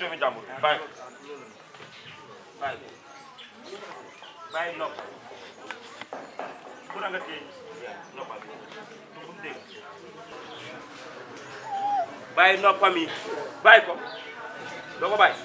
doomi jàmbur bàyyi bàyyi bàyyi noppal bu nga téye noppal du bu dégg bàyyi noppam yi bàyyi ko doo ko bàyyi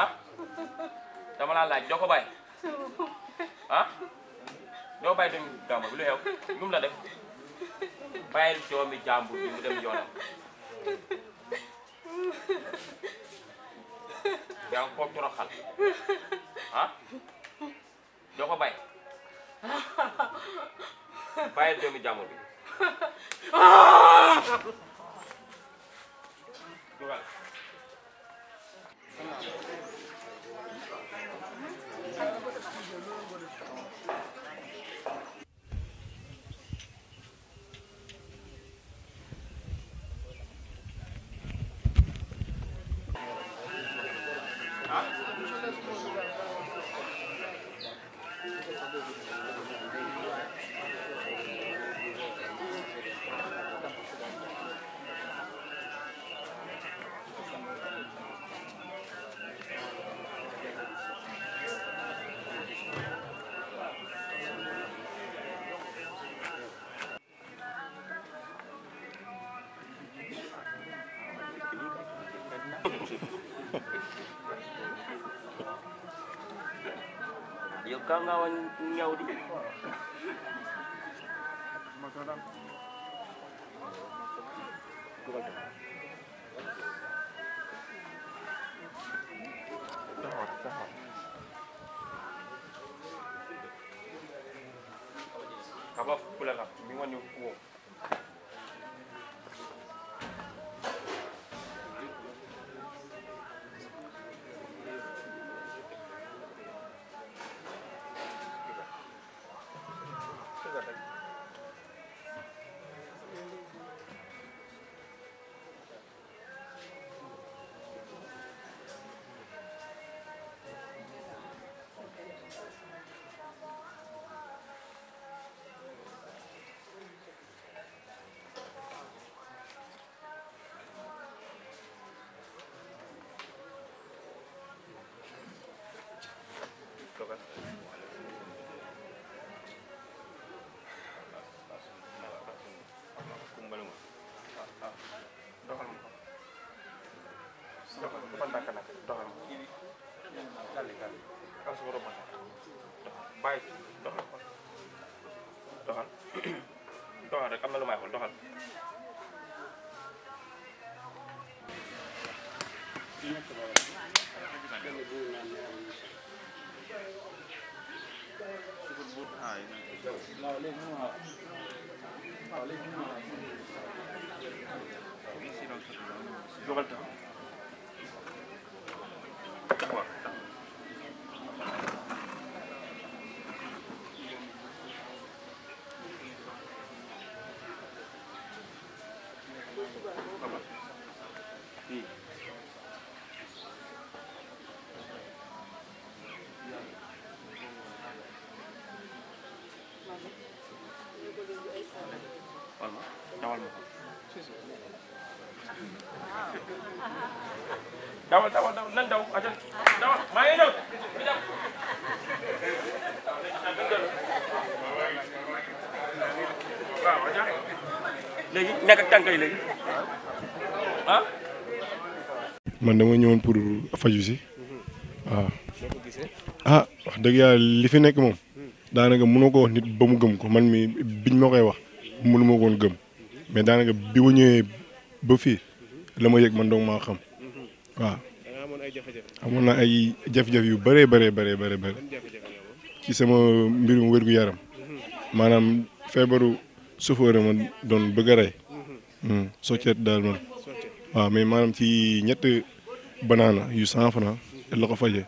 ah dama laa laaj doo bye bàyyi ah doo bàyyi doomi jàmbur bi lu xew lu mu la def bàyyi doomi jàmbur bi mu dem yoonam yaa ngi ko toroxal ah doo ko bàyyi bàyyi doomi jàmbur bi Yokka iya, ngawan nyaudi. Makanan. Tahor, tahor. Kabaf pulang, bingung nyukuh. doxal defal ndànk nag doxal dalli dalli am sama roba nag doxal bàyyi doxal ko doxal doxal rek am na lu may xool doxal jógal taxaw dawal ma ah? man dama ñëwoon pour faju si waaw ah. ah wax dëgg yàlla li fi nekk moom daanaka mënoo ko nit ba mu gëm man mi biñ ma koy wax mënu ma koon gëm mais daanaka bi ma ba fii la ma yëg man dong maa xam waaw. amoon na ay jafe-jafe yu bëree bëree bëree bëri ci sama mbirum wérgu yaram maanaam feebaru sufóore ma doon bëgg a rey hmm. soccet daal man waaw mais maanaam ci ñett banaana yu cent franc la ko fajee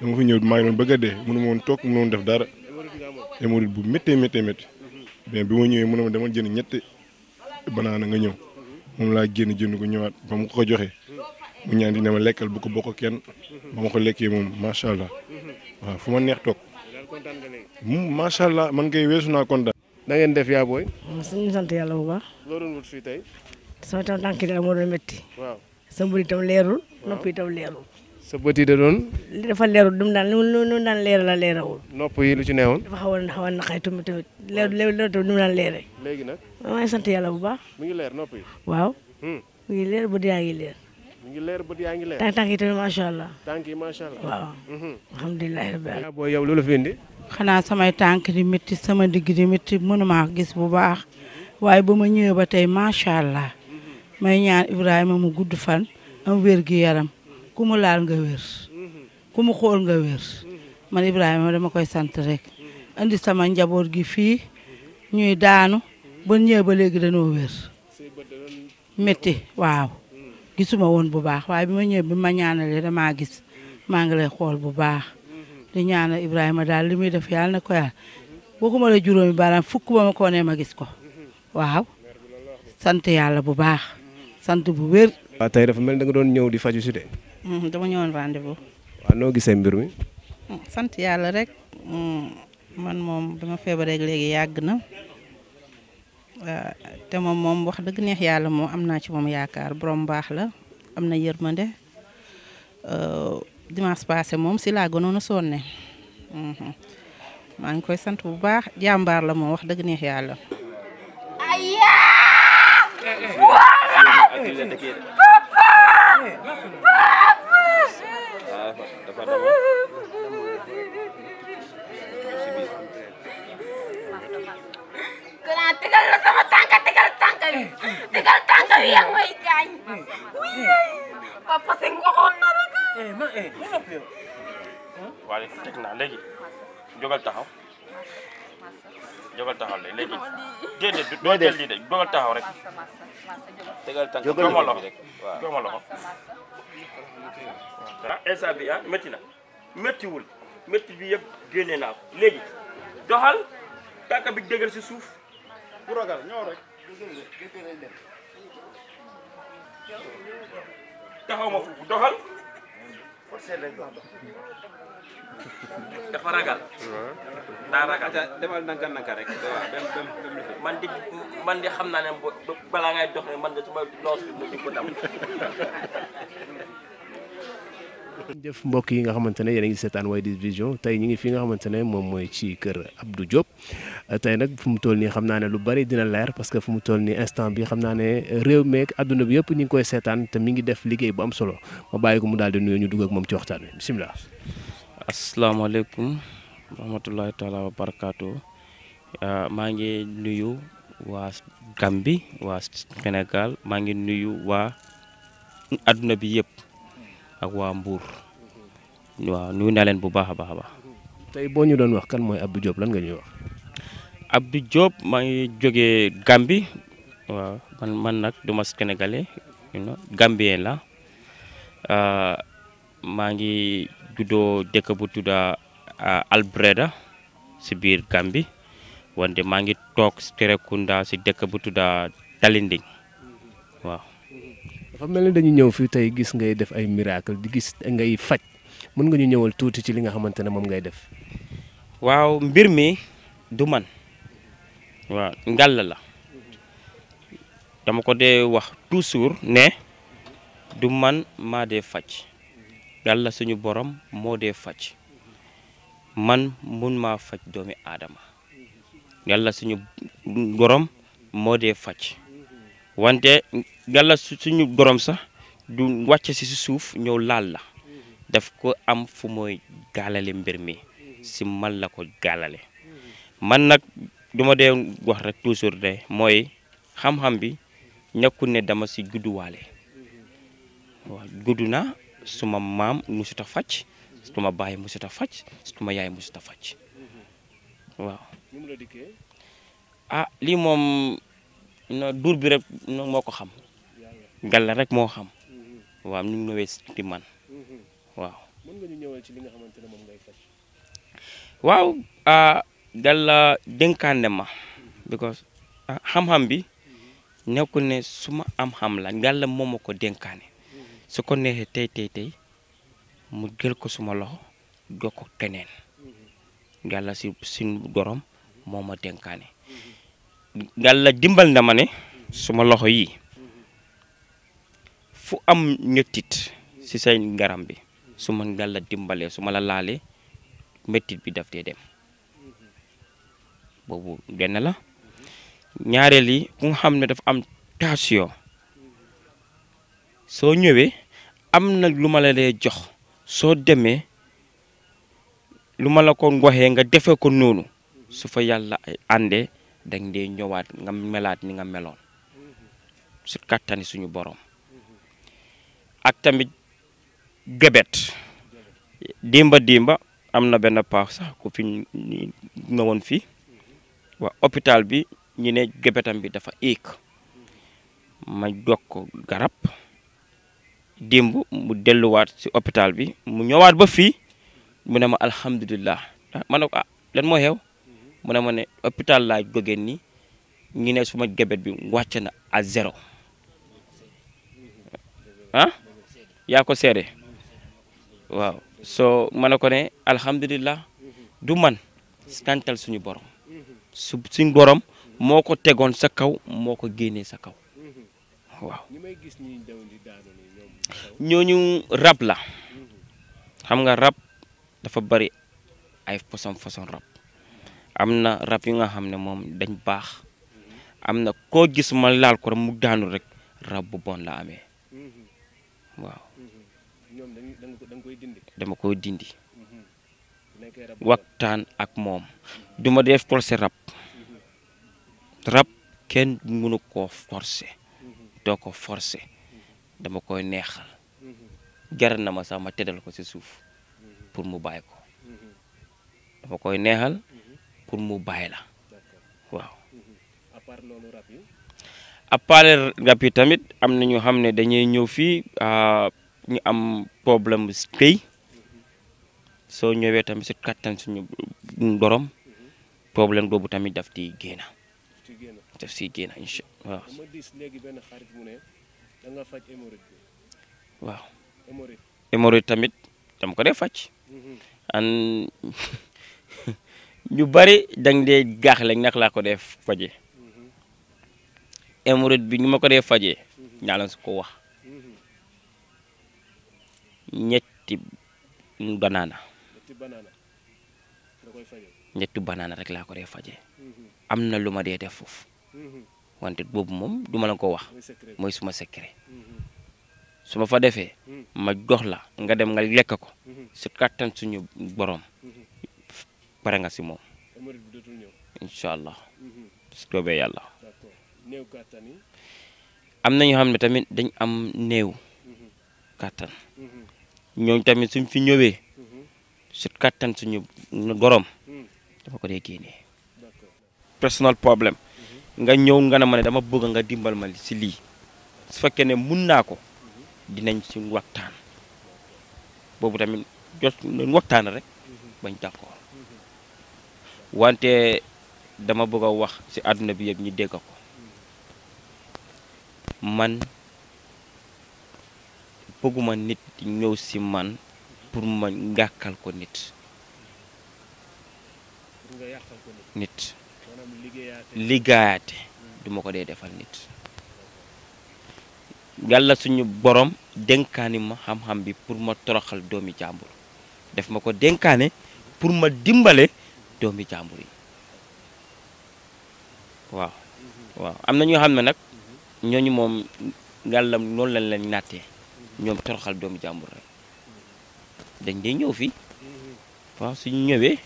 dama fi ñëw maa ngi doon bëgg a dee mënu ma woon toog mënu woon def dara hémorroïde bu méttee méttee métti hmm. bi ma ñëwee mu ne ma dama jënd ñetti banaana nga ñëw moom laa génn jënd ko ñëwaat ba mu ko joxee mu ñaan di ne lekkal bu ko bokk kenn ba ma ko lekkee moom macha allah waaw fu ma neex toog macha allah man kay weesu naa kontaan. da def yaa booy. suñu sant yàlla bu baax. loo doon wut fii moo doon métti. waaw sa mbir itam leerul. noppi itam leerul. sa bët yi da doon. li dafa leerul dum daan leeral la leerawul. nopp yi lu ci newoon. dafa xaw a xaw a naqay tamit tamit leer leer tamit dum daan leere. léegi nag. maa ngi sant yàlla bu baax. mi ngi leer nopp yi. waaw. Hmm. mi ngi leer bët yaa ngi leer. mi ngi yaa ngi leer. tànk yi tamit macha allah. tànk yi macha allah. waaw. Hmm. alhamdulilah rabbil boo yow loolu la fi indi. xanaa samay tànk di métti sama digg di métti mënumaa gis bu baax waaye ba ma ñëwee ba tey macha allah hmm. may ñaan Ibrahima mu gudd fan am wér gi yaram kuma laal nga wër kuma mu xool nga wër man Ibrahima dama koy sant rek andi sama njaboot gi fii ñuy daanu ba ñëwee ba léegi dañoo wër metti waaw gisuma woon bu baax waaye bi ma ñëwee bi ma ñaanalee damaa gis maa ngi lay xool bu baax di ñaanal Ibrahima daal li muy def yàlla na ko yàlla bokkuma la juróomi baaraam fukk ba ma ko nee ma gis ko waaw sant yàlla bu baax sant bu wér. waaw tey dafa mel ni da nga doon ñëw di faju si de. Mm, dama ñëwoon rendez-vous. waaw noo gisee mbir mi. Mm, sant yàlla rek mm, man moom dama ma feebaree léegi yàgg na te moom moom wax dëgg neex yàlla moom am naa ci moom yaakaar borom baax la am na yërmande euh, dimanche passé moom si laa gënoon a mm-hmm. maa ngi koy sant bu baax jàmbaar la moom wax dëgg neex yàlla. Papa! Papa! departament grand tegal la sama tànka tegal tànka wi tegal tànka wi yaa ngi may gaañ papa sëñ waxoon na rek ma eh ma noppi yow waaye teg naa léegi jógal taxaw jógal taxaw léegi léegi déedéet du doo jël lii de jógal taxaw rek tegal tànk jooma loxo jooma loxo bi ah métti na méttiwul métti bi yëpp génne naa ko léegi doxal bi dëgër si suuf bu ñëw rek taxaw ma foofu doxal dafa ragal. daa ragal demal naka naka rek. man di xam naa ne balaa ngay dox ne man de su ma loos bi ma jubbu dam yi nga xamante ne yéen a ngi seetaan Widish tey ñu ngi fi nga xamante ne moom mooy ci kër Abdou Diop tey nag fu mu toll nii xam naa ne lu bari dina leer parce que fu mu toll nii instant bi xam naa ne réew meek àdduna bi yëpp ñu ngi koy seetaan te mi ngi def liggéey bu am solo ma bàyyi ko mu daal di nuyoo ñu dugg ak moom ci waxtaan wi bisimilah. Assalamualaikum, warahmatullahi taala wabarakatuh barakatu ya, mangi nuyu wa Gambi wa senegal mangi nuyu wa aduna bi yëpp ak wa mbour wa nuyu na len bu baakha baakha baax a ñu doon wax kan moy Abdou Diop lan nga ñuy wax Abdou Diop mangi ngi Gambi wa man man nak duma Sénégalais e, you know Gambien la euh ah, mangi juddoo dëkk bu tudda euh, Albreda si biir Gambie wante maa ngi toog si Terekunda si dëkk bu tudda Talinding mm-hmm. waaw. dafa mel ni dañu ñëw fii tey gis ngay def ay miracle di gis ngay faj mën nga ñu ñëwal tuuti ci li nga xamante ne moom ngay def. waaw mbir mi du man waaw ngàll la mm-hmm. dama ko dee wax toujours ne du man maa dee faj. yàlla suñu boroom moo dee faj man mun maa faj doomi aadama yàlla suñu borom moo dee faj wante yàlla suñu boroom sax du wàcc si suuf ñëw laal la daf ko am fu mooy gaalale mbir mi si man la ko gaalale man nag duma ma dee wax rek toujours de mooy xam-xam bi nekkul ne dama si gudduwaale waaw gudd naa suma maam musut a faj suma baay musut a faj suma yaay musut a faj waaw ah lii moom duur bi rek no moo ko xam gàlla rek moo xam waaw ñu ngi ñëwee ci man waaw mën nga ñu li nga xamante ne moom ngay faj waaw gàlla ah, ma because ah, xam-xam bi nekkul ne suma am xam la gàlla moom ma ko dénkaane su ko neexee tey tey tey mu jël ko suma loxo jox ko keneen yàlla si suñu borom moo ma dénkaane yàlla dimbal na ma ne suma loxo yi fu am ñettit si say ngaram bi su ma yàlla dimbalee su ma la laalee méttit bi daf dee dem boobu benn la ñaareel yi ku nga xam ne dafa am tension soo ñëwee am na lu ma la lay jox soo demee lu ma la ko waxee nga defee ko noonu su fa yàlla ay àndee dang dee ñëwaat nga melaat ni nga meloon su kàttani suñu boroom ak tamit gebet dimba dimba am na benn paax sax ku fi na woon fii waa hôpital bi ñu ne gebetam bi dafa éeg ma dog ko garab dimb mu delluwaat si hôpital bi mu ñëwaat ba fii mu ne ma alhamdulilah ma ne ko ah lan moo xew mu ne ma ne hôpital laa jógee nii ñu ne suma gebet bi wàcc na à zéro ah yaa ko seede waaw soo ma ne ko ne alhamdulilah du man santal suñu borom su suñu borom moo ko tegoon sa kaw moo ko génnee sa kaw waaw. ñoñu rap la xam nga rap dafa bari ay façon façon rap am na yi nga xamne mom dañ bax am na gis ma laal ko mu daanu rek rap bu bon la amé waaw dama koy dindi waxtaan ak mom, duma def forcer rap, rap ken mënu ko forcer doko ko dama koy neexal jaral na ma sax ma teddal ko si suuf pour mu bàyyi ko dama koy neexal pour mu bàyyi la waaw. à part rab yi. tamit am na ñu xam ne dañuy ñëw fii ñu am problème mu këy soo ñëwee tamit si kattan suñu borom problème boobu tamit daf di génn. daf siy génn da faj hémorroïde waaw. hémorroïde hémorroïde tamit dama ko dee faj. Mhm. an ñu bari dang dee gaaxle nag laa ko dee faje mhm. hémorroïde bi ñu ma ko dee faje ñaa mhm. ko wax. ñetti banaana. ñetti banaana banaana rek laa ko dee faje am na lu ma dee def foofu. wante bob mom, duma la ko wax moy suma secret mm-hmm. suma fa defé mm. ma dox la nga dem nga lek ko mm-hmm. su katan suñu borom bare mm-hmm. nga ci mom inshallah allah su yalla new katan ni am nañu ne tamit dañ am new katan, ñoo tamit suñ fi ñowé su katan suñu borom mm. dafa ko dee personal problème nga ñëw nga ne ma ne dama bëgg nga dimbal ma si lii su fekkee ne mun naa ko dinañ ci waxtaan boobu tamit jot nañ waxtaan rek bañ d'accord wante dama bëgg a wax ci àdduna bi yëpp ñu dégg ko man bëgguma nit ñëw si man pour ma ngàkkal ko nit nit liggéeyaate mm. du ma ko dee defal nit yàlla suñu borom dénkaani ma xam-xam bi pour ma toroxal doomi jàmbur def ma ko dénkaane pour ma dimbale doomi jàmbur yi waaw mm-hmm. waaw am na ñoo xam ne nag mm-hmm. ñooñu moom yàlla noonu lañ leen nattee mm-hmm. ñoom toroxal doomi jàmbur rek dañ dee ñëw fii waaw suñu ñëwee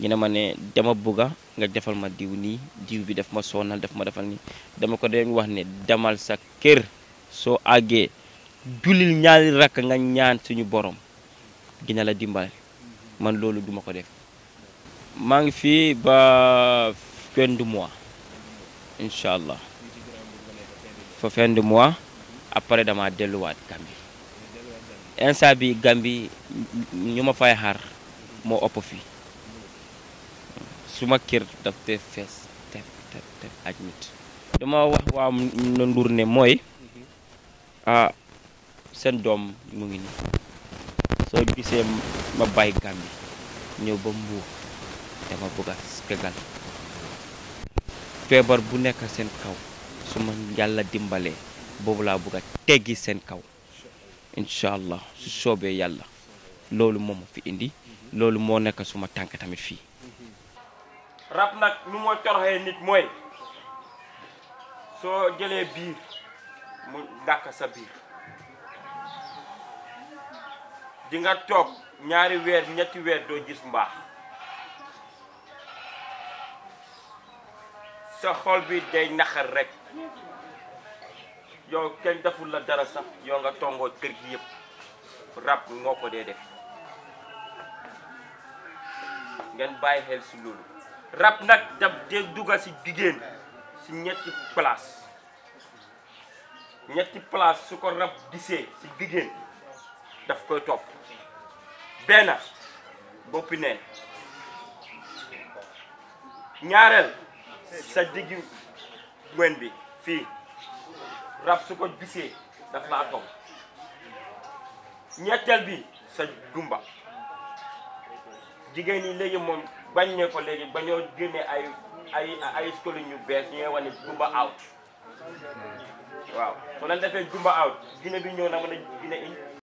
ñu ne ma dama bugga nga defal ma diiw ni diiw bi def ma sonal def ma defal ni dama ko dem wax ne demal sa kër so agé julil ñaari rak nga ñaan suñu borom dina la dimbal man lolu duma ko def ma ngi fi ba fin du mois inshallah fa fin du mois après dama wat gambi insa bi gambi ñuma fay har mo opp fi suma kër daf te fees teb teb ak nit dama wax waa na ndur ne mooy mhm. ah seen doom mu ngi nii soo gisee ma bàyyi Gàmbi ñëw ba Mbuur dama bëgg a fegal feebar bu nekk seen kaw su ma yàlla dimbalee boobu laa bëgg a teggi seen kaw incha allah su soobee yàlla loolu moo ma fi indi mhm. loolu moo nekk suma tànk tamit fii rab nag nu moo coroxee nit mooy soo jëlee biir mu dàq sa biir di nga toog ñaari weer ñetti weer doo gis mbaax sa xol bi day naqar rek yow kenn deful la dara sax yow nga tongoo kër gi yëpp rab moo ko dee def ngeen bàyyi si loolu Rap nak dab de duga si digeen si ñetti place ñetti place su rap disi, si jigéen daf koy top ben bopi ne ñaarel sa digi wen bi fi rap su ko daf la top ñetteel bi sa gumba jigéen ni legi mom bañ ne ko léegi ba ñoo génne ay ay ay scoline yu bees ñu ngi wax ne Gumba out hmm. waaw soo leen defee Gumba out Gine bi ñëw na mën a Gine in